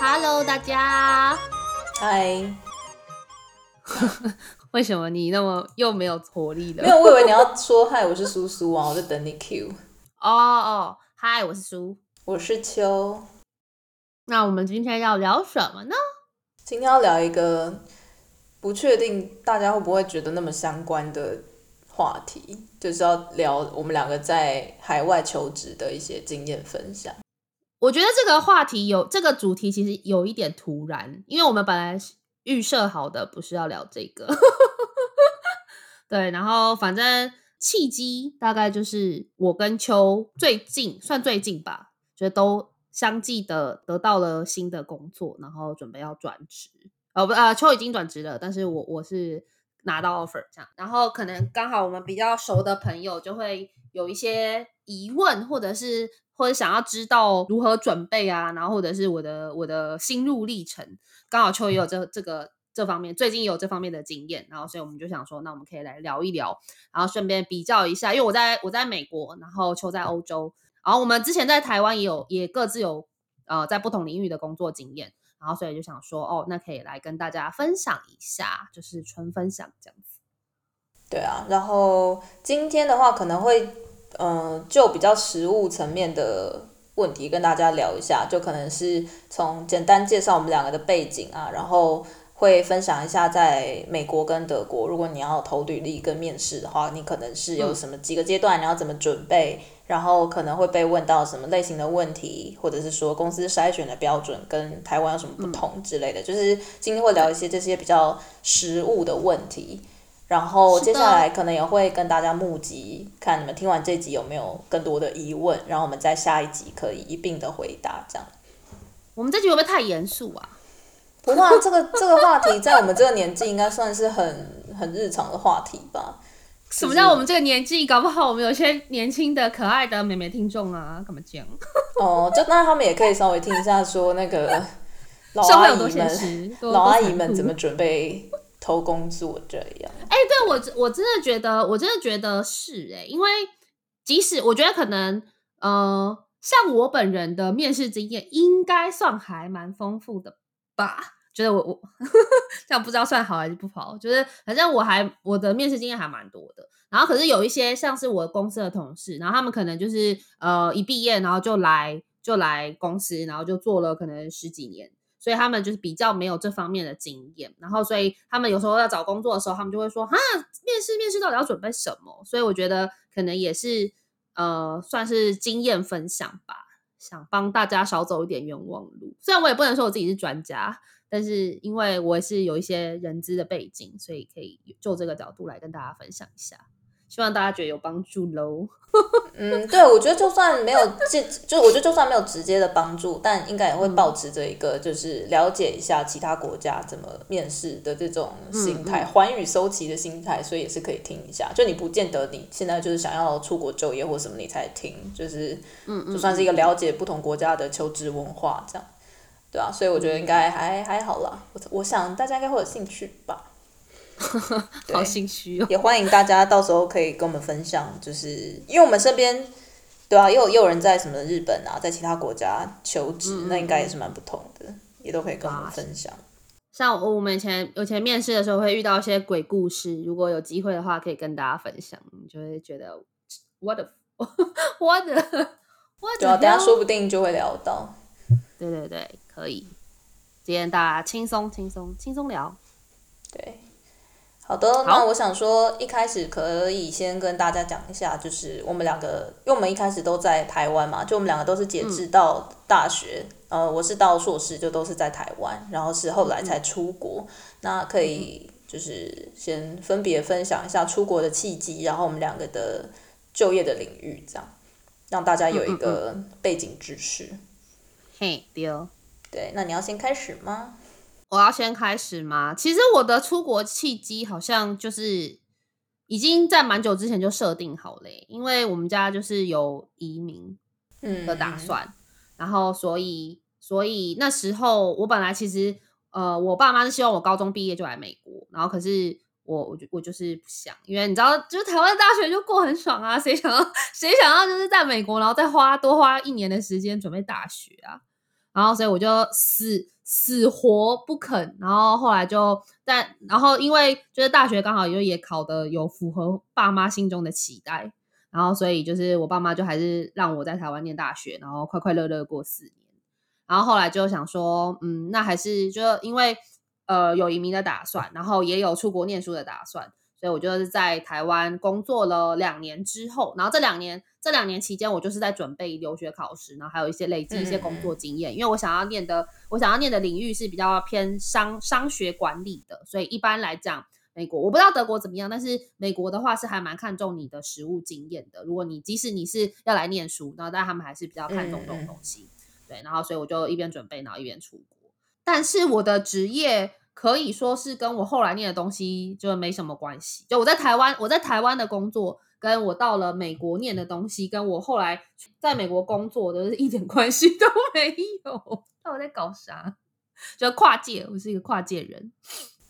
Hello，大家，嗨！ 為什麼你那麼又沒有活力了？沒有，我以為你要說嗨， hi, 我是蘇蘇啊，我在等你 Q 哦哦，嗨、oh, oh, 我是蘇，我是邱。那我們今天要聊什麼呢？今天要聊一個。不確定大家會不會覺得那麼相關的話題，就是要聊我們兩個在海外求職的一些經驗分享。我覺得這個話題有這個主題，其實有一點突然，因為我們本來預設好的不是要聊這個。 對，然後反正契機大概就是我跟邱最近算最近吧，就都相繼的得到了新的工作，然後準備要轉職。哦，不，呃，邱已經轉職了，但是我我是拿到 offer 這樣，然後可能剛好我們比較熟的朋友就會有一些疑問，或者是或者想要知道如何準備啊，然後或者是我的我的心路歷程，剛好邱也有這這個這方面，最近也有這方面的經驗，然後所以我們就想說，那我們可以來聊一聊，然後順便比較一下，因為我在我在美國，然後邱在歐洲，然後我們之前在台灣也有也各自有呃在不同領域的工作經驗。然後，所以就想說，哦，那可以來跟大家分享一下，就是純分享這樣子。對啊，然後今天的話，可能會，嗯、呃，就比較實務層面的問題跟大家聊一下，就可能是從簡單介紹我們兩個的背景啊，然後會分享一下在美國跟德國，如果你要投履歷跟面試的話，你可能是有什麼幾個階段，嗯、你要怎麼準備。然後可能會被問到什麼類型的問題，或者是說公司篩選的標準跟台灣有什麼不同之類的、嗯，就是今天會聊一些這些比較實務的問題。然後接下來可能也會跟大家募集，看你們聽完這集有沒有更多的疑問，然後我們在下一集可以一併的回答。這樣，我們這集有沒有太嚴肅啊？不過、啊、這個這個話題在我們這個年紀應該算是很很日常的話題吧。什麼叫我們這個年紀，就是？搞不好我們有些年輕的、可愛的、美眉聽眾啊，幹嘛講？ 哦，就那他們也可以稍微聽一下，說那個老阿姨們， 社會有多現實，老阿姨們怎麼準備投工作這樣。哎、欸，對我我真的覺得，我真的覺得是哎、欸，因為即使我覺得可能，呃，像我本人的面試經驗應該算還蠻豐富的吧。覺得我我呵呵這樣不知道算好還是不好。就是反正我還我的面試經驗還蠻多的。然後可是有一些像是我公司的同事，然後他們可能就是呃一畢業然後就來就來公司，然後就做了可能十幾年，所以他們就是比較沒有這方面的經驗。然後所以他們有時候要找工作的時候，他們就會說啊，面試面試到底要準備什麼？所以我覺得可能也是呃算是經驗分享吧，想幫大家少走一點冤枉路。雖然我也不能說我自己是專家。但是，因為我是有一些人資的背景，所以可以就這個角度來跟大家分享一下，希望大家覺得有幫助嘍。 嗯，對，我覺得就算沒有 就，我覺得就算沒有直接的幫助，但應該也會抱持著一個，就是了解一下其他國家怎麼面試的這種心態，寰宇蒐奇的心態，所以也是可以聽一下。就你不見得你現在就是想要出國就業或什麼，你才聽，就是嗯，就算是一個了解不同國家的求職文化這樣。對啊，所以我覺得應該還、嗯、還好啦。我我想大家應該會有興趣吧。好心虛哦，也歡迎大家到時候可以跟我們分享。就是因為我們身邊，對啊，又有有人在什麼日本啊，在其他國家求職，嗯、那應該也是蠻不同的、嗯，也都可以跟我們分享。像我們以前有前面試的時候會遇到一些鬼故事，如果有機會的話，可以跟大家分享，就會覺得 what the, what the, what the, 對啊，大家說不定就會聊到。對對對。可以，今天大家輕鬆、輕鬆、輕鬆聊。對，好的好。那我想說，一開始可以先跟大家講一下，就是我們兩個，因為我們一開始都在台灣嘛，就我們兩個都是截止到大學，嗯、呃，我是到碩士就都是在台灣，然後是後來才出國。嗯嗯，那可以就是先分別分享一下出國的契機、嗯，然後我們兩個的就業的領域，這樣讓大家有一個背景知識。嗯嗯嗯 嘿，對。對，那你要先開始嗎？我要先開始嗎？其實我的出國契機好像就是已經在蠻久之前就設定好了、欸，因為我們家就是有移民的打算，嗯、然後所以所以那時候我本來其實呃，我爸媽是希望我高中畢業就來美國，然後可是我我就我就是不想，因為你知道，就是台灣大學就過很爽啊，誰想要誰想要就是在美國，然後再花多花一年的時間準備大學啊。然後，所以我就死死活不肯。然後後來就，但然後因為就是大學剛好就也考得有符合爸媽心中的期待，然後所以就是我爸媽就還是讓我在台灣念大學，然後快快樂樂過四年。然後後來就想說，嗯，那還是就是因為呃有移民的打算，然後也有出國念書的打算，所以我就在台灣工作了兩年之後，然後這兩年。這兩年期間，我就是在準備留學考試，然後還有一些累積一些工作經驗。嗯嗯因為我想要念的，我想要念的領域是比較偏商、商學、管理的。所以一般來講，美國我不知道德國怎麼樣，但是美國的話是還蠻看重你的實務經驗的。如果你即使你是要來念書，然後但他們還是比較看重這種東西嗯嗯嗯。對，然後所以我就一邊準備，然後一邊出國。但是我的職業。可以說是跟我後來念的東西就沒什麼關係。就我在台灣，我在台灣的工作，跟我到了美國念的東西，跟我後來在美國工作的，一點關係都沒有。那我在搞啥？就跨界，我是一個跨界人。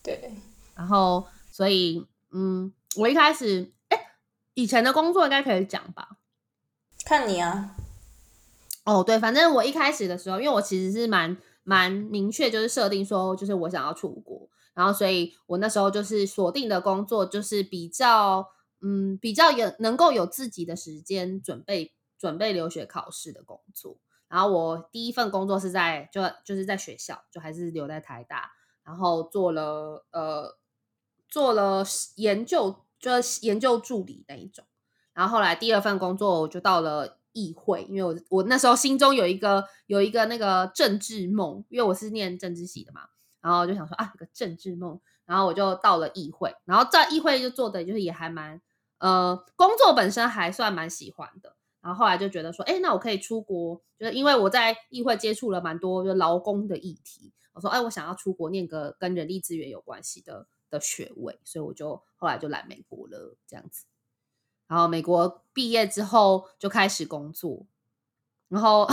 對。然後，所以，嗯，我一開始，哎、欸，以前的工作應該可以講吧？看你啊。哦，對，反正我一開始的時候，因為我其實是蠻。蠻明確，就是設定說，就是我想要出國，然後所以我那時候就是鎖定的工作，就是比較嗯，比較有能夠有自己的時間準備準備留學考試的工作。然後我第一份工作是在就就是在學校，就還是留在台大，然後做了呃做了研究，就是研究助理那一種。然後後來第二份工作我就到了。議會，因為我我那時候心中有一個有一個那個政治夢，因為我是念政治系的嘛，然後就想說啊，一個政治夢，然後我就到了議會，然後在議會就做的就是也還蠻，呃，工作本身還算蠻喜歡的，然後後來就覺得說，哎，那我可以出國，就是因為我在議會接觸了蠻多就勞工的議題，我說，哎，我想要出國念個跟人力資源有關係的的學位，所以我就後來就來美國了，這樣子。然後美國畢業之後就開始工作，然後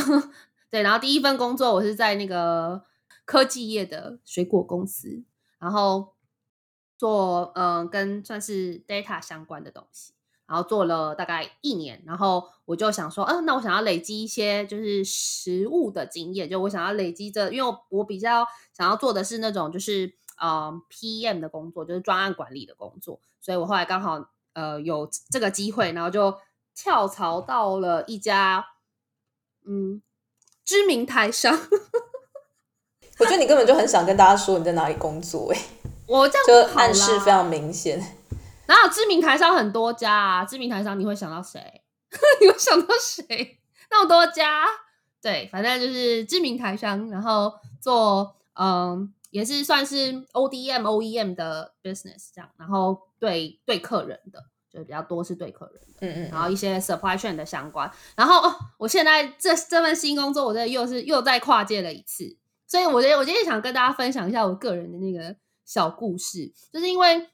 對，然後第一份工作我是在那個科技業的水果公司，然後做嗯、呃、跟算是 data 相關的東西，然後做了大概一年，然後我就想說，嗯、呃，那我想要累積一些就是實務的經驗，就我想要累積這，因為我我比較想要做的是那種就是嗯、呃、PM 的工作，就是專案管理的工作，所以我後來剛好。呃，有這個機會，然後就跳槽到了一家嗯、知名台商。 我覺得你根本就很想跟大家說你在哪裡工作、哎、欸，我、哦、這樣子就暗示非常明顯。然後知名台商很多家啊，知名台商你會想到誰？ 你會想到誰？那麼多家，對，反正就是知名台商，然後做嗯。也是算是 ODM OEM 的 business 這樣，然後對對客人的就比較多，是對客人的，嗯，嗯嗯，然後一些 supply chain 的相關，然後哦，我現在這這份新工作，我這又是又再跨界了一次，所以我覺得我今天想跟大家分享一下我個人的那個小故事，就是因為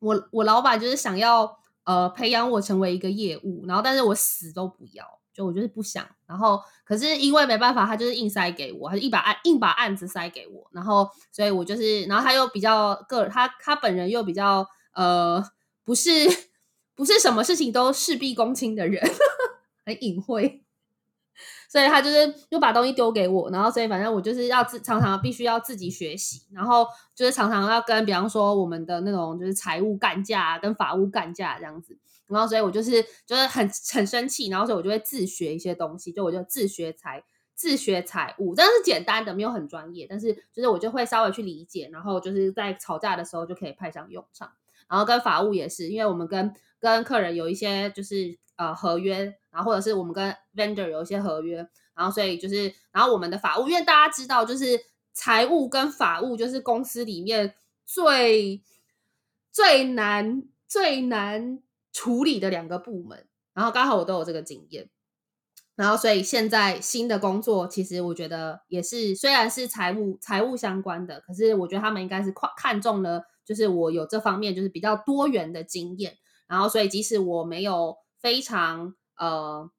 我我老闆就是想要呃培養我成為一個業務，然後但是我死都不要。就我就是不想，然後可是因為沒辦法，他就是硬塞給我，他就一把案硬把案子塞給我，然後所以我就是，然後他又比較個他他本人又比較呃不是不是什麼事情都事必躬親的人呵呵，很隱晦，所以他就是又把東西丟給我，然後所以反正我就是要自常常必須要自己學習，然後就是常常要跟比方說我們的那種就是財務幹架啊，跟法務幹架啊，這樣子。然後，所以我就是就是很很生氣。然後，所以我就會自學一些東西。就我就自學財自學財務，但是簡單的，沒有很專業。但是，就是我就會稍微去理解。然後，就是在吵架的時候就可以派上用場。然後，跟法務也是，因為我們跟跟客人有一些就是呃合約，然後或者是我們跟 vendor 有一些合約。然後，所以就是然後我們的法務，因為大家知道，就是財務跟法務就是公司裡面最最難最難。最難處理的兩個部門，然後剛好我都有這個經驗，然後所以現在新的工作其實我覺得也是，雖然是財務財務相關的，可是我覺得他們應該是看中了就是我有這方面就是比較多元的經驗，然後所以即使我沒有非常呃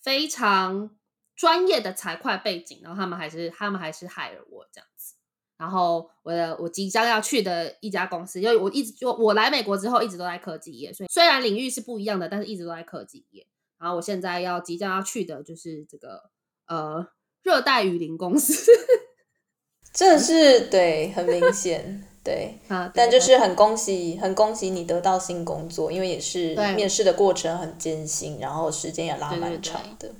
非常專業的財會背景，然後他們還是他們還是 hire 我這樣子。然後我的我即將要去的一家公司，因為我一直我我來美國之後一直都在科技業，所以雖然領域是不一樣的，但是一直都在科技業。然後我現在要即將要去的就是這個呃熱帶雨林公司， 這是對很明顯 對，對，但就是很恭喜很恭喜你得到新工作，因為也是面試的過程很艱辛，然後時間也拉蠻長的。對對對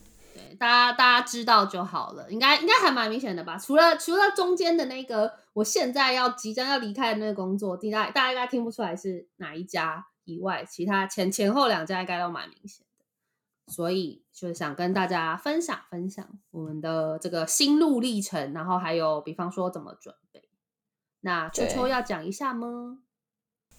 大家大家知道就好了，應該應該還蠻明顯的吧？除了除了中間的那個，我現在要即將要離開的那個工作，大家大家應該聽不出來是哪一家以外，其他前前後兩家應該都蠻明顯的。所以就是想跟大家分享分享我們的這個心路歷程，然後還有比方說怎麼準備。那邱邱要講一下嗎？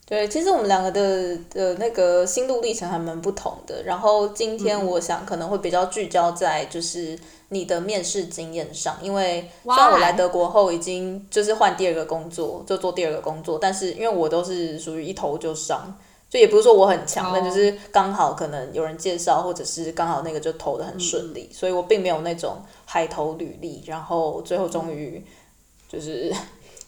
對，其實我們兩個的的那個心路歷程還蠻不同的。然後今天我想可能會比較聚焦在就是你的面試經驗上，因為雖然我來德國後已經就是換第二個工作，就做第二個工作，但是因為我都是屬於一投就上，就也不是說我很強，但就是剛好可能有人介紹，或者是剛好那個就投得很順利，嗯，所以我並沒有那種海投履歷，然後最後終於就是。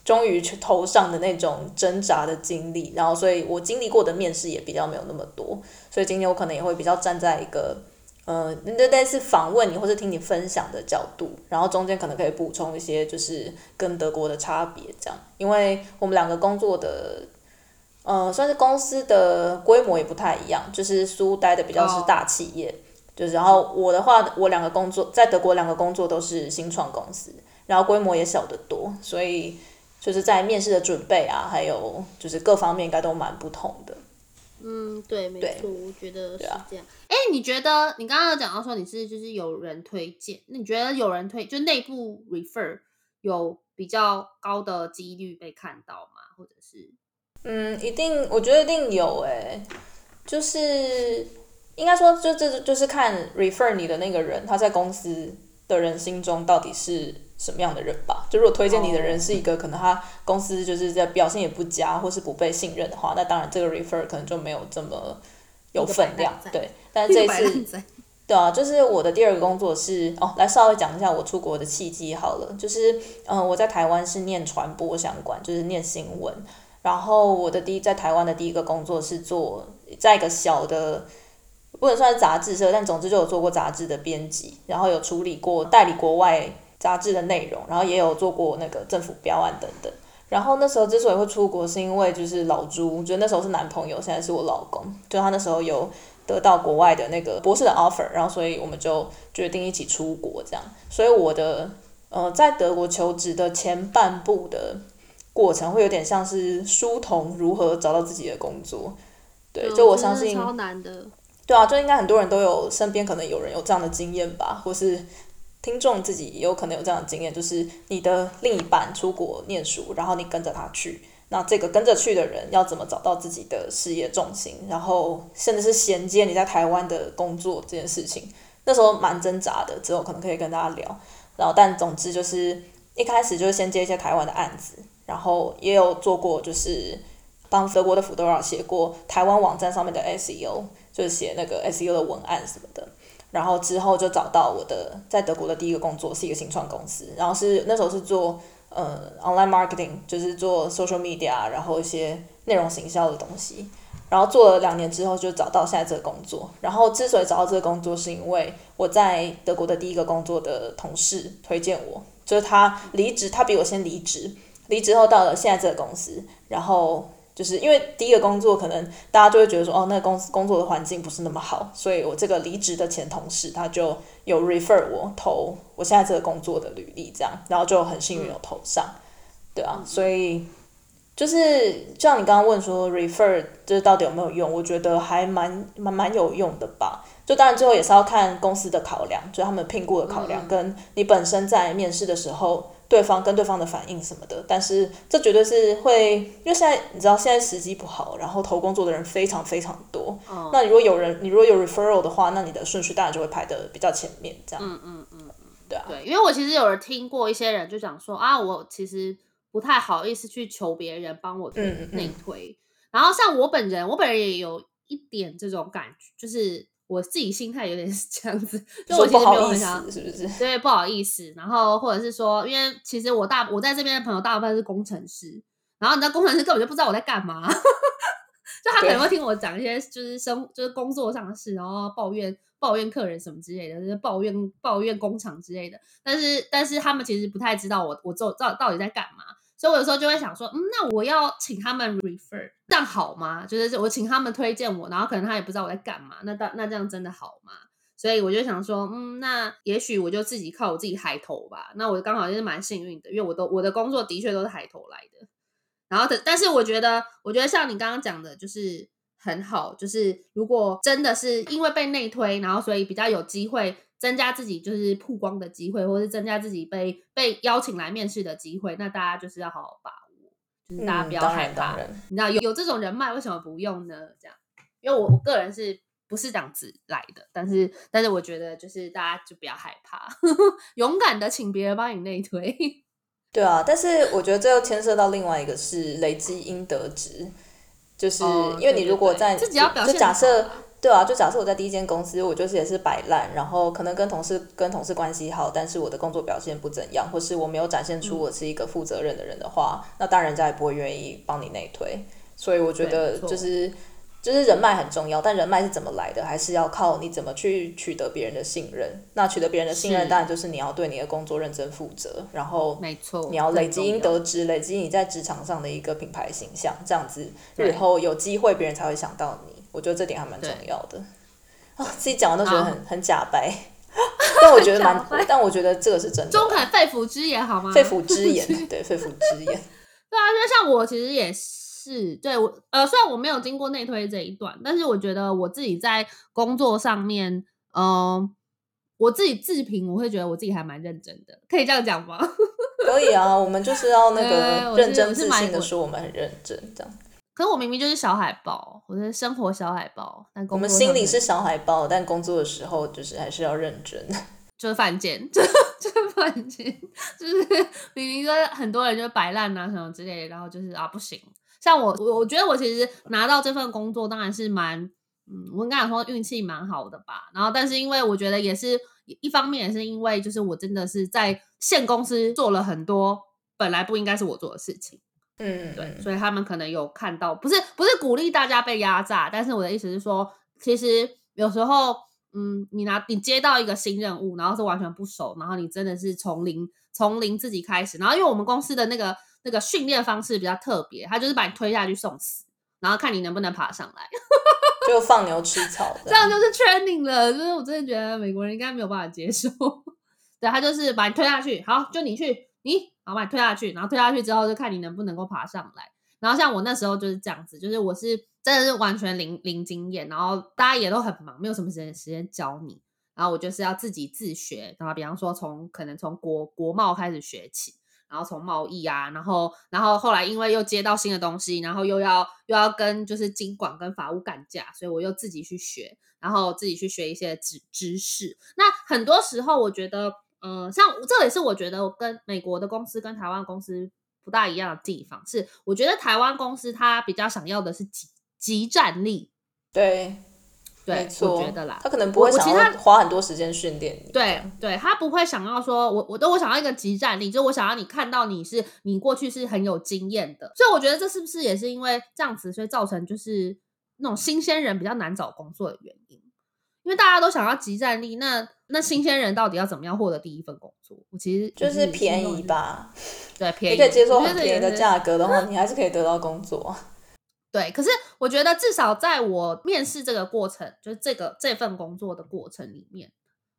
終於去頭上的那種掙扎的經歷，然後所以我經歷過的面試也比較沒有那麼多，所以今天我可能也會比較站在一個，呃，那再次訪問你或者聽你分享的角度，然後中間可能可以補充一些就是跟德國的差別這樣，因為我們兩個工作的，呃，算是公司的規模也不太一樣，就是蘇待的比較是大企業，就是然後我的話，我兩個工作在德國兩個工作都是新創公司，然後規模也小得多，所以。就是在面試的準備啊，還有就是各方面應該都蠻不同的。嗯，對，沒錯，我覺得是這樣哎、對啊欸，你覺得你剛剛有講到說你是就是有人推薦，那你覺得有人推就內部 refer 有比較高的幾率被看到嗎？或者是？嗯，一定，我覺得一定有、欸。哎，就是應該說就，就這就就是看 refer 你的那個人他在公司的人心中到底是。什麼樣的人吧？就如果推薦你的人是一個，oh. 可能他公司就是在表現也不佳，或是不被信任的話，那當然這個 refer 可能就沒有這麼有分量。對，但是這一次一，對啊，就是我的第二個工作是、嗯、哦，來稍微講一下我出國的契機好了。就是嗯，我在台灣是念傳播相關，就是念新聞。然後我的第一在台灣的第一個工作是做在一個小的，不能算是雜誌社，但總之就有做過雜誌的編輯，然後有處理過代理國外。雜誌的內容，然後也有做過那個政府標案等等。然後那時候之所以會出國，是因為就是老朱，我覺得那時候是男朋友，現在是我老公，就他那時候有得到國外的那個博士的 offer，然後所以我們就決定一起出國這樣。所以我的呃，在德國求職的前半部的過程，會有點像是書僮如何找到自己的工作。對，就我相信、哦、超難的。對啊，就應該很多人都有身邊可能有人有這樣的經驗吧，或是。聽眾自己也有可能有這樣的經驗，就是你的另一半出國念書，然後你跟着他去，那這個跟着去的人要怎麼找到自己的事業重心，然後甚至是銜接你在台灣的工作這件事情，那時候蠻掙扎的。之後可能可以跟大家聊。然後，但總之就是一開始就是先接一些台灣的案子，然後也有做過就是幫德國的 Fedora 寫過台灣網站上面的 SEO，就是寫那個 SEO 的文案什麼的。然後之後就找到我的在德國的第一個工作，是一個新創公司，然後是那時候是做呃 online marketing，就是做 social media，然後一些內容行銷的東西。然後做了兩年之後就找到現在這個工作。然後之所以找到這個工作是因為我在德國的第一個工作的同事推薦我，就是他離職，他比我先離職，離職後到了現在這個公司，然後。就是因為第一個工作可能大家就會覺得說，哦，那個公司工作的環境不是那麼好，所以我這個離職的前同事他就有 refer 我投我現在這個工作的履歷，這樣，然後就很幸運有投上，對啊、嗯，所以就是像你剛剛問說 refer 就是到底有沒有用，我覺得還蠻蠻蠻有用的吧，就當然最後也是要看公司的考量，就他們聘僱的考量跟你本身在面試的時候。嗯對方跟對方的反應什麼的，但是這絕對是會，因為現在你知道現在時機不好，然後投工作的人非常非常多。哦，那你如果有人，你如果有 referral 的話，那你的順序當然就會排得比較前面，這樣。嗯嗯嗯，對啊。對，因為我其實有人聽過一些人就講說啊，我其實不太好意思去求別人幫我內推，嗯嗯，推。然後像我本人，我本人也有一點這種感覺，就是。我自己心態有點是這樣子，就我其實沒有很想不好意思，是不是？對，不好意思。然後或者是說，因為其實我大我在這邊的朋友大部分是工程師，然後你知道工程師根本就不知道我在幹嘛， 就他可能會聽我講一些就是生就是工作上的事，然後抱怨抱怨客人什麼之類的，就是、抱怨抱怨工廠之類的。但是但是他們其實不太知道我我做到到底在幹嘛。所以，我有時候就會想說，嗯，那我要請他們 refer，這樣好嗎？就是我請他們推薦我，然後可能他也不知道我在幹嘛，那那這樣真的好嗎？所以我就想說，嗯，那也許我就自己靠我自己海投吧。那我剛好就是蠻幸運的，因為我都我的工作的確都是海投來的。然後，但但是我覺得，我覺得像你剛剛講的，就是很好，就是如果真的是因為被內推，然後所以比較有機會。增加自己就是曝光的機會，或者是增加自己被被邀請來面試的機會，那大家就是要好好把握，就是大家不要害怕，嗯、你知道有有這種人脈，為什麼不用呢？這樣，因為我我個人是不是這樣子來的，但是、嗯、但是我覺得就是大家就不要害怕， 勇敢的請別人幫你內推。對啊，但是我覺得這又牽涉到另外一個是累積陰德值，就是、嗯、因為你如果在自己要表、啊、就假設。對啊，就假設我在第一間公司，我就是也是擺爛，然後可能跟同事跟同事關係好，但是我的工作表現不怎樣，或是我沒有展現出我是一個負責任的人的話、嗯，那當然人家也不會願意幫你內推。所以我覺得就是、就是、就是人脈很重要，但人脈是怎麼來的，還是要靠你怎麼去取得別人的信任。那取得別人的信任，當然就是你要對你的工作認真負責，然後沒錯，你要累積陰德值，累積你在職場上的一個品牌形象，這樣子日後有機會別人才會想到你。我覺得這點還蠻重要的，哦、自己講的都覺得很、啊、很假掰，但我覺得蠻，但我覺得這個是真的，中肯肺腑之言好嗎？肺言？肺腑之言，對，肺腑之言， 對啊，因為像我其實也是，對我，呃，雖然我沒有經過內推這一段，但是我覺得我自己在工作上面，嗯、呃，我自己自評，我會覺得我自己還蠻認真的，可以這樣講嗎？ 可以啊，我們就是要那個認真自信的說，我們很認真的，這樣。可是我明明就是小海報，我的生活小海報，但我們心裡是小海報，但工作的時候就是還是要認真，就是犯賤，就是犯賤，就是明明說很多人就擺爛啊什麼之類的，然後就是啊不行，像我我我覺得我其實拿到這份工作當然是蠻嗯，我剛剛講說運氣蠻好的吧，然後但是因為我覺得也是一方面也是因為就是我真的是在現公司做了很多本來不應該是我做的事情。嗯，對，所以他們可能有看到，不是不是鼓勵大家被壓榨，但是我的意思是說，其實有時候，嗯，你拿你接到一個新任務，然後是完全不熟，然後你真的是從零從零自己開始，然後因為我們公司的那個那個訓練方式比較特別，他就是把你推下去送死，然後看你能不能爬上來， 就放牛吃草， 這樣就是 training 了，就是我真的覺得美國人應該沒有辦法接受， 對，他就是把你推下去，好，就你去。你，然後把你推下去，然後推下去之後就看你能不能夠爬上來。然後像我那時候就是這樣子，就是我是真的是完全零零經驗，然後大家也都很忙，沒有什麼時間時間教你。然後我就是要自己自學，然後比方說從可能從國國貿開始學起，然後從貿易啊，然後然後後來因為又接到新的東西，然後又要又要跟就是經管跟法務幹架，所以我又自己去學，然後自己去學一些知知識。那很多時候我覺得。嗯、呃，像這也是我覺得跟美國的公司跟台灣公司不大一樣的地方是，我覺得台灣公司它比較想要的是即即戰力，對對，沒錯，我覺得啦，他可能不會想要花很多時間訓練，對對，他不會想要說我我都我想要一個即戰力，就我想要你看到你是你過去是很有經驗的，所以我覺得這是不是也是因為這樣子，所以造成就是那種新鮮人比較難找工作的原因，因為大家都想要即戰力，那。那新鮮人到底要怎麼樣獲得第一份工作？我其實、就是、就是便宜吧，對、便宜，你可以接受很便宜的價格的話，你還是可以得到工作。對，可是我覺得至少在我面試這個過程，就是這個這份工作的過程裡面，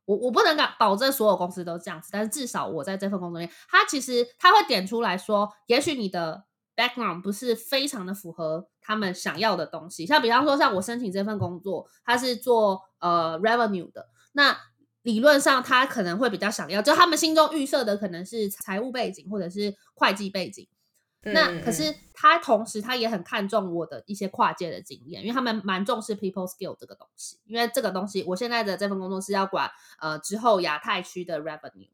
我我不能敢保證所有公司都這樣子，但是至少我在這份工作裡面，他其實他會點出來說，也許你的 background 不是非常的符合他們想要的東西，像比方說，像我申請這份工作，它是做呃 revenue 的，那。理論上，他可能會比較想要，就他們心中預設的可能是財務背景或者是會計背景。嗯嗯嗯。那可是他同時他也很看重我的一些跨界的經驗，因為他們蠻重視 people skill 這個東西。因為這個東西，我現在的這份工作是要管呃之後亞太區的 revenue，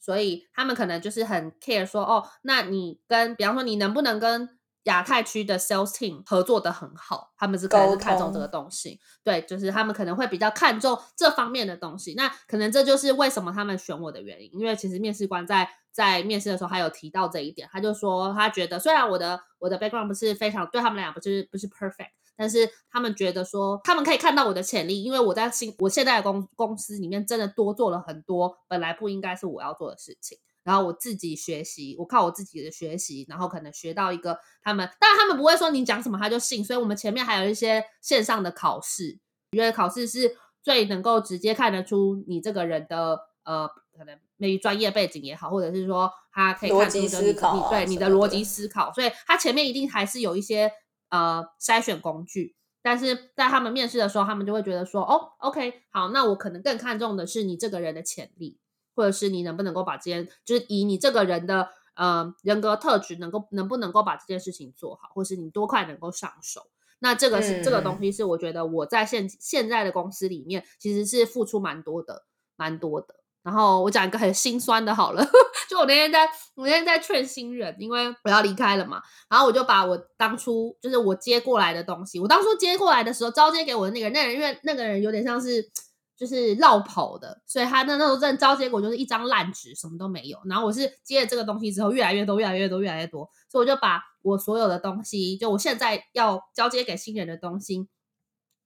所以他們可能就是很 care 說哦，那你跟，比方說你能不能跟。亞太區的 sales team 合作的很好，他們是，可能是看中這個東西，對，就是他們可能會比較看重這方面的東西。那可能這就是為什麼他們選我的原因，因為其實面試官在在面試的時候，還有提到這一點，他就說他覺得，雖然我的我的 background 不是非常，對他們來講不是不是 perfect，但是他們覺得說他們可以看到我的潛力，因為我在新我現在的公公司裡面真的多做了很多本來不應該是我要做的事情。然後我自己學習，我靠我自己的學習，然後可能學到一個他們，當然他們不會說你講什麼他就信，所以我們前面還有一些線上的考試，因為考試是最能夠直接看得出你這個人的呃，可能專業背景也好，或者是說他可以看得出你對、啊、你的邏輯思考、啊，所以他前面一定還是有一些呃篩選工具，但是在他們面試的時候，他們就會覺得說，哦，OK，好，那我可能更看重的是你這個人的潛力。或者是你能不能夠把這件，就是以你這個人的呃人格特質能夠能不能夠把這件事情做好，或是你多快能夠上手？那這個是、嗯、這個東西是我覺得我在現現在的公司裡面其實是付出蠻多的，蠻多的。然後我講一個很心酸的，好了，呵呵，就我那天在我那天在勸新人，因為我要離開了嘛，然後我就把我當初就是我接過來的東西，我當初接過來的時候交接給我的那個人，那個人，因為那個人有點像是。就是繞跑的，所以他的那種證招結果，就是一張爛紙，什麼都沒有。然後我是接了這個東西之後，越來越多，越來越多，越來越多，所以我就把我所有的東西，就我現在要交接給新人的東西，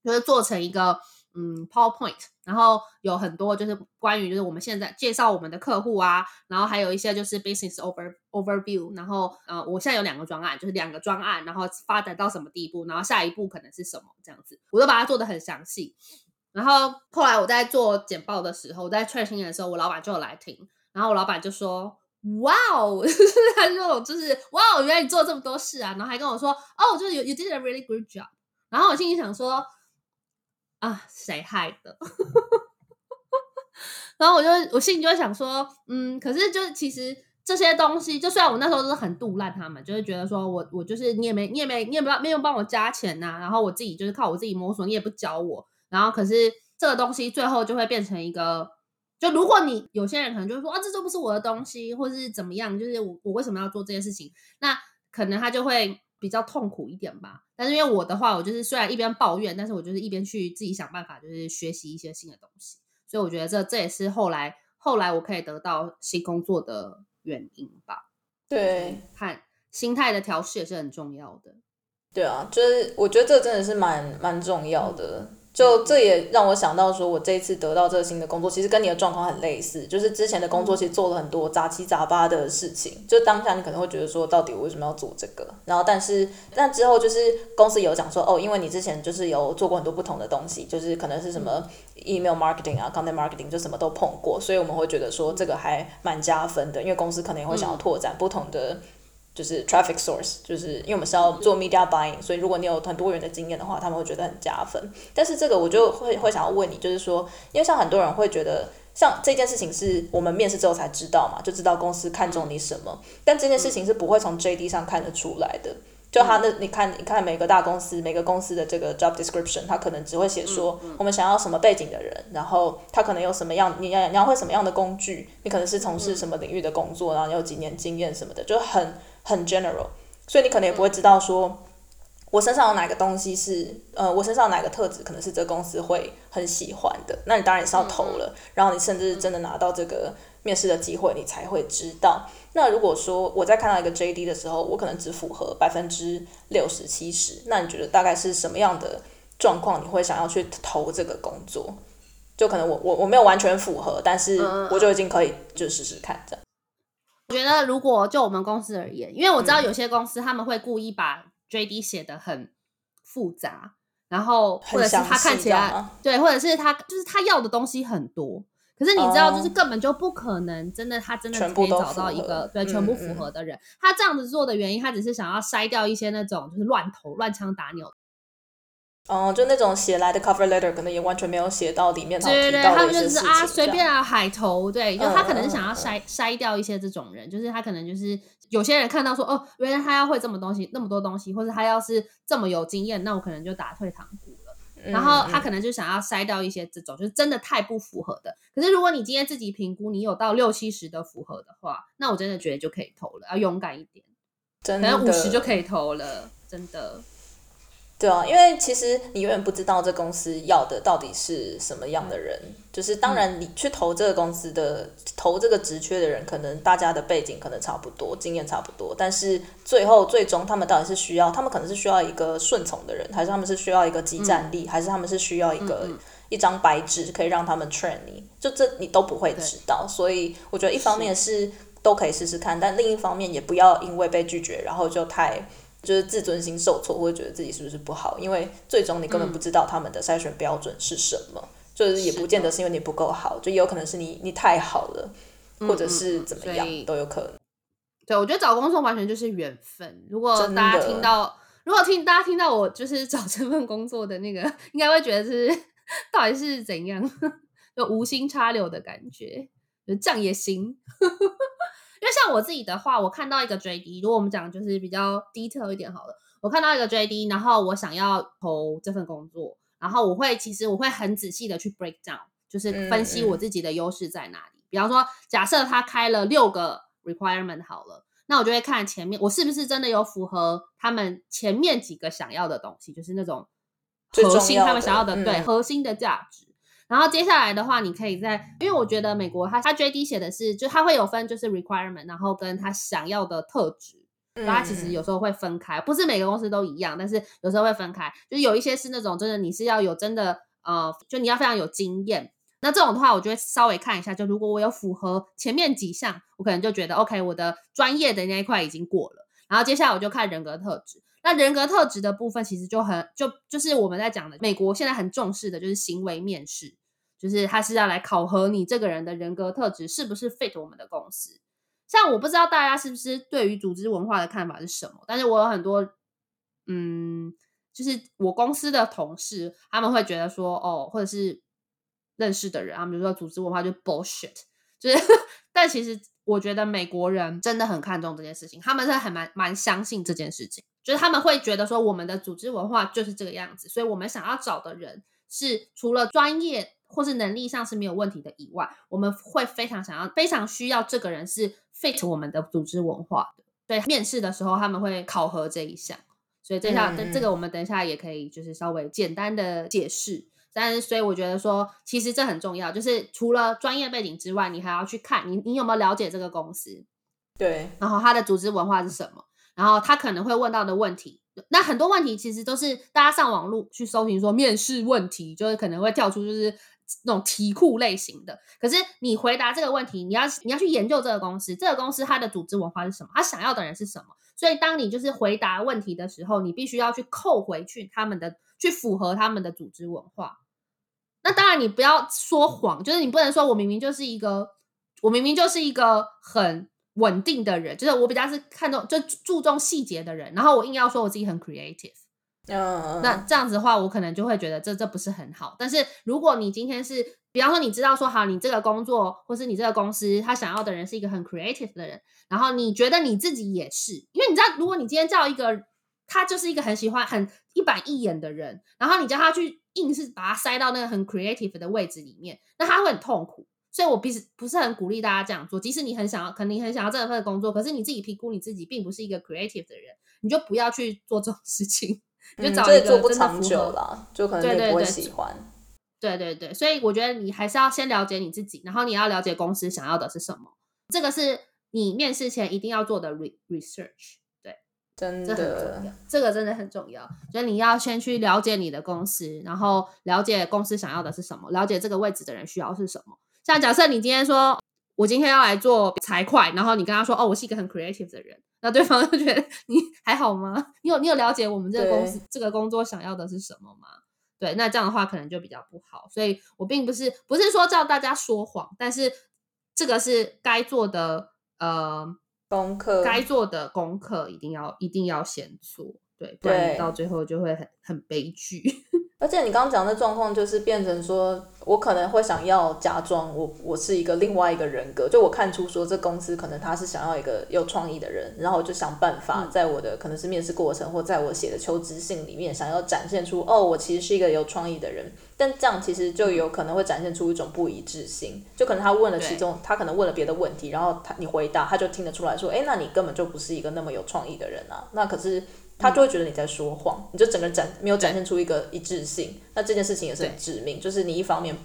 就是做成一個嗯 PowerPoint，然後有很多就是關於就是我們現在介紹我們的客戶啊，然後還有一些就是 Business Over Overview，然後呃，我現在有兩個專案，就是兩個專案，然後發展到什麼地步，然後下一步可能是什麼這樣子，我都把它做得很詳細。然後後來我在做簡報的時候，我在 n 新的時候，我老闆就有來聽。然後我老闆就說：“哇哦，他這種就是哇哦，原來你做這麼多事啊！”然後還跟我說：“哦，就是有有 did a really good job。”然後我心裡想說：“啊，誰害的？” 然後我就我心裡就會想說：“嗯，可是就是其實這些東西，就雖然我那時候都是很杜爛，他們就是覺得說我我就是你也沒你也沒你也不知沒有幫我加錢吶、啊，然後我自己就是靠我自己摸索，你也不教我。”然後，可是這個東西最後就會變成一個，就如果你有些人可能就是說啊，這都不是我的東西，或是怎麼樣，就是我我為什麼要做這件事情？那可能他就會比較痛苦一點吧。但是因為我的話，我就是雖然一邊抱怨，但是我就是一邊去自己想辦法，就是學習一些新的東西。所以我覺得這這也是後來後來我可以得到新工作的原因吧。對，看心態的調適也是很重要的。對啊，就是我覺得這真的是蠻蠻重要的。嗯就這也讓我想到，說我這一次得到這個新的工作，其實跟你的狀況很類似，就是之前的工作其實做了很多雜七雜八的事情。就當下你可能會覺得說，到底我為什麼要做這個？然後，但是那之後就是公司有講說，哦，因為你之前就是有做過很多不同的東西，就是可能是什麼 email marketing 啊，content marketing 就什麼都碰過，所以我們會覺得說這個還蠻加分的，因為公司可能也會想要拓展不同的。就是 traffic source，就是因為我們是要做 media buying，所以如果你有很多元的經驗的話，他們會覺得很加分。但是這個我就會會想要問你，就是說，因為像很多人會覺得，像這件事情是我們面試之後才知道嘛，就知道公司看中你什麼。但這件事情是不會從 JD 上看得出來的。就他那你看，你看每個大公司，每個公司的這個 job description，他可能只會寫說我們想要什麼背景的人，然後他可能有什麼樣，你要你要會什麼樣的工具，你可能是從事什麼領域的工作，然後你有幾年經驗什麼的，就很。很 general，所以你可能也不會知道說，我身上有哪個東西是，呃，我身上有哪個特質可能是這公司會很喜歡的。那你當然也是要投了，然後你甚至真的拿到這個面試的機會，你才會知道。那如果說我在看到一個 JD 的時候，我可能只符合百分之六十七十，那你覺得大概是什麼樣的狀況？你會想要去投這個工作？就可能我我我沒有完全符合，但是我就已經可以就試試看這樣。我覺得，如果就我們公司而言，因為我知道有些公司他們會故意把 JD 寫的很複雜，嗯，然後或者是他看起來，啊、對，或者是他就是他要的東西很多，可是你知道，就是根本就不可能，真的他真的可以找到一個對，全部符合的人，嗯嗯。他這樣子做的原因，他只是想要篩掉一些那種就是亂投亂槍打鳥。哦、oh，就那種寫來的 cover letter 可能也完全沒有寫到裡面他提到的一些事情。對，對對，他們就是啊，隨便啊，海投，對，就他可能是想要篩嗯嗯嗯嗯篩掉一些這種人，就是他可能就是有些人看到說，哦，原來他要會這麼東西，那麼多東西，或者他要是這麼有經驗，那我可能就打退堂鼓了嗯嗯。然後他可能就想要篩掉一些這種，就是真的太不符合的。可是如果你今天自己評估，你有到六七十的符合的話，那我真的覺得就可以投了，要勇敢一點，可能五十就可以投了，真的。對啊，因為其實你永遠不知道這公司要的到底是什麼樣的人，嗯、就是當然你去投這個公司的、嗯、投這個職缺的人，可能大家的背景可能差不多，經驗差不多，但是最後最終他們到底是需要，他們可能是需要一個順從的人，還是他們是需要一個即戰力、嗯，還是他們是需要一個、嗯嗯、一張白紙可以讓他們 train 你，就這你都不會知道，所以我覺得一方面是都可以試試看，但另一方面也不要因為被拒絕然後就太。就是自尊心受挫，我會覺得自己是不是不好？因為最終你根本不知道他們的篩選標準是什麼？嗯、就是也不見得是因為你不夠好，就有可能是你你太好了、嗯，或者是怎麼樣、嗯、都有可能。對，我覺得找工作完全就是緣分。如果大家聽到，如果聽大家聽到我就是找這份工作的那個，應該會覺得是到底是怎樣，就 無心插柳的感覺，這樣也行。 因為像我自己的話，我看到一個 JD，如果我們講就是比較 detail 一點好了，我看到一個 JD，然後我想要投這份工作，然後我會其實我會很仔細的去 break down，就是分析我自己的優勢在哪裡。嗯、嗯。比方說，假設他開了六個 requirement 好了，那我就會看前面我是不是真的有符合他們前面幾個想要的東西，就是那種核心他們想要的，最重要的，嗯。對，核心的價值。然後接下來的話，你可以在，因為我覺得美國它它 JD 寫的是，就它會有分就是 requirement，然後跟他想要的特質，然後它其實有時候會分開，不是每個公司都一樣，但是有時候會分開，就是有一些是那種真的你是要有真的呃，就你要非常有經驗，那這種的話，我就會稍微看一下，就如果我有符合前面幾項，我可能就覺得 OK，我的專業的那一塊已經過了，然後接下來我就看人格特質。那人格特質的部分，其實就很就就是我們在講的，美國現在很重視的就是行為面試，就是他是要來考核你這個人的人格特質是不是 fit 我們的公司。像我不知道大家是不是對於組織文化的看法是什麼，但是我有很多，嗯，就是我公司的同事他們會覺得說，哦，或者是認識的人，他們比如說組織文化就 bullshit，就是呵呵，但其實我覺得美國人真的很看重這件事情，他們是還蠻蠻相信這件事情。就是他們會覺得說我們的組織文化就是這個樣子，所以我們想要找的人是除了專業或是能力上是沒有問題的以外，我們會非常想要、非常需要這個人是 fit 我們的組織文化的。對，面試的時候他們會考核這一項，所以這下這、嗯、這個我們等一下也可以就是稍微簡單的解釋。但是所以我覺得說，其實這很重要，就是除了專業背景之外，你還要去看你你有沒有了解這個公司，對，然後他的組織文化是什麼。然後他可能會問到的問題，那很多問題其實都是大家上網路去搜尋說面試問題，就是可能會跳出就是那種題庫類型的。可是你回答這個問題，你要你要去研究這個公司，這個公司它的組織文化是什麼，它想要的人是什麼。所以當你就是回答問題的時候，你必須要去扣回去他們的，去符合他們的組織文化。那當然你不要說謊，就是你不能說我明明就是一個，我明明就是一個很穩定的人，就是我比較是看重，就注重細節的人。然後我硬要說我自己很 creative，uh-uh. 那這樣子的話，我可能就會覺得這這不是很好。但是如果你今天是，比方說你知道說好，你這個工作或是你這個公司，他想要的人是一個很 creative 的人，然後你覺得你自己也是，因為你知道，如果你今天叫一個他就是一個很喜歡很一板一眼的人，然後你叫他去硬是把他塞到那個很 creative 的位置裡面，那他會很痛苦。所以我其實不是很鼓勵大家這樣做。即使你很想要，肯定很想要這份工作，可是你自己評估你自己，並不是一個 creative 的人，你就不要去做這種事情。嗯，就找一個真的做不長久了，就可能你不會喜歡對對對對。對對對，所以我覺得你還是要先了解你自己，然後你要了解公司想要的是什麼。這個是你面試前一定要做的 re research。對，真的。這很重要，這個真的很重要。所以你要先去了解你的公司，然後了解公司想要的是什麼，了解這個位置的人需要的是什麼。像假設你今天說，我今天要來做財會，然後你跟他說，哦，我是一個很 creative 的人，那對方就覺得你還好嗎？你有你有了解我們這個公司這個工作想要的是什麼嗎？對，那這樣的話可能就比較不好。所以我並不是不是說叫大家說謊，但是這個是該做的呃功課，該做的功課一定要一定要先做，對，不然你到最後就會很很悲劇。而且你剛剛講的狀況，就是變成說，我可能會想要假裝我我是一個另外一個人格，就我看出說這公司可能他是想要一個有創意的人，然後就想辦法在我的可能是面試過程或在我寫的求職信裡面，想要展現出、嗯、哦，我其實是一個有創意的人。但這樣其實就有可能會展現出一種不一致性，就可能他問了其中，他可能問了別的問題，然後他你回答，他就聽得出來說，說哎，那你根本就不是一個那麼有創意的人啊。那可是。他就會覺得你在說謊、嗯，你就整個展沒有展現出一個一致性，那這件事情也是很致命，就是你一方面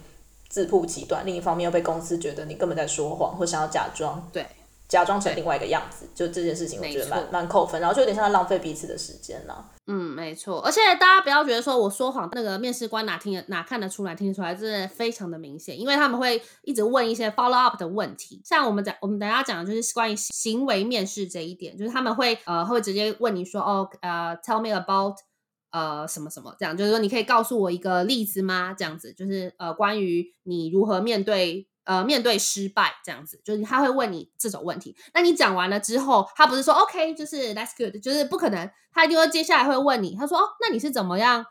自曝其短，另一方面又被公司覺得你根本在說謊或想要假裝。對。假裝成另外一個樣子，就這件事情，我覺得蠻扣分，然後就有點像在浪費彼此的時間了、啊、嗯，沒錯。而且大家不要覺得說我說謊，那個面試官哪聽哪看得出來，聽得出來，這、就是、非常的明顯，因為他們會一直問一些 follow up 的問題。像我們講，我們等下講的就是關於行為面試這一點，就是他們會呃會直接問你說，哦呃，tell me about 呃什麼什麼這樣，就是說你可以告訴我一個例子嗎？這樣子就是呃關於你如何面對。呃，面對失敗這樣子，就是他會問你這種問題。那你講完了之後，他不是說 OK，就是 That's good，就是不可能。他就會接下來會問你，他說：“哦，那你是怎麼樣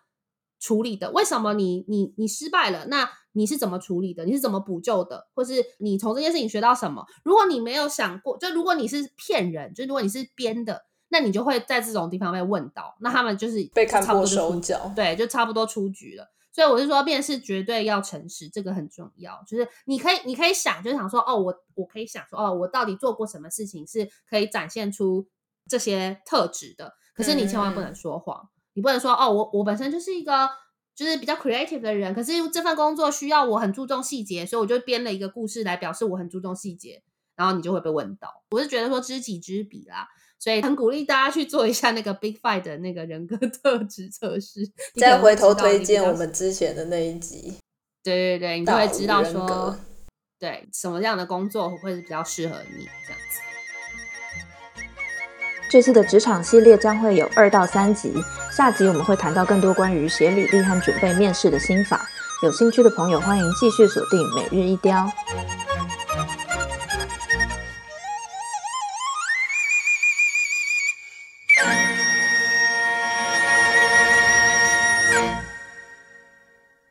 處理的？為什麼你你你失敗了？那你是怎麼處理的？你是怎麼補救的？或是你從這件事情學到什麼？”如果你沒有想過，就如果你是騙人，就如果你是編的，那你就會在這種地方被問到。那他們就是就被看破手腳，對，就差不多出局了。所以我是說，面試絕對要誠實，這個很重要。就是你可以，你可以想，就是、想說，哦，我我可以想說，哦，我到底做過什麼事情是可以展現出這些特質的。可是你千萬不能說謊、嗯，你不能說，哦，我我本身就是一個就是比較 creative 的人，可是這份工作需要我很注重細節，所以我就編了一個故事來表示我很注重細節。然後你就會被問到。我是覺得說知己知彼啦。所以很鼓勵大家去做一下那個 Big Five 的那個人格特質測試，再回頭推薦我們之前的那一集。對對對，你就會知道說，道對什麼樣的工作會比較適合你這樣子。這次的職場系列將會有二到三集，下集我們會談到更多關於寫履歷和準備面試的心法。有興趣的朋友歡迎繼續鎖定每日一鯛。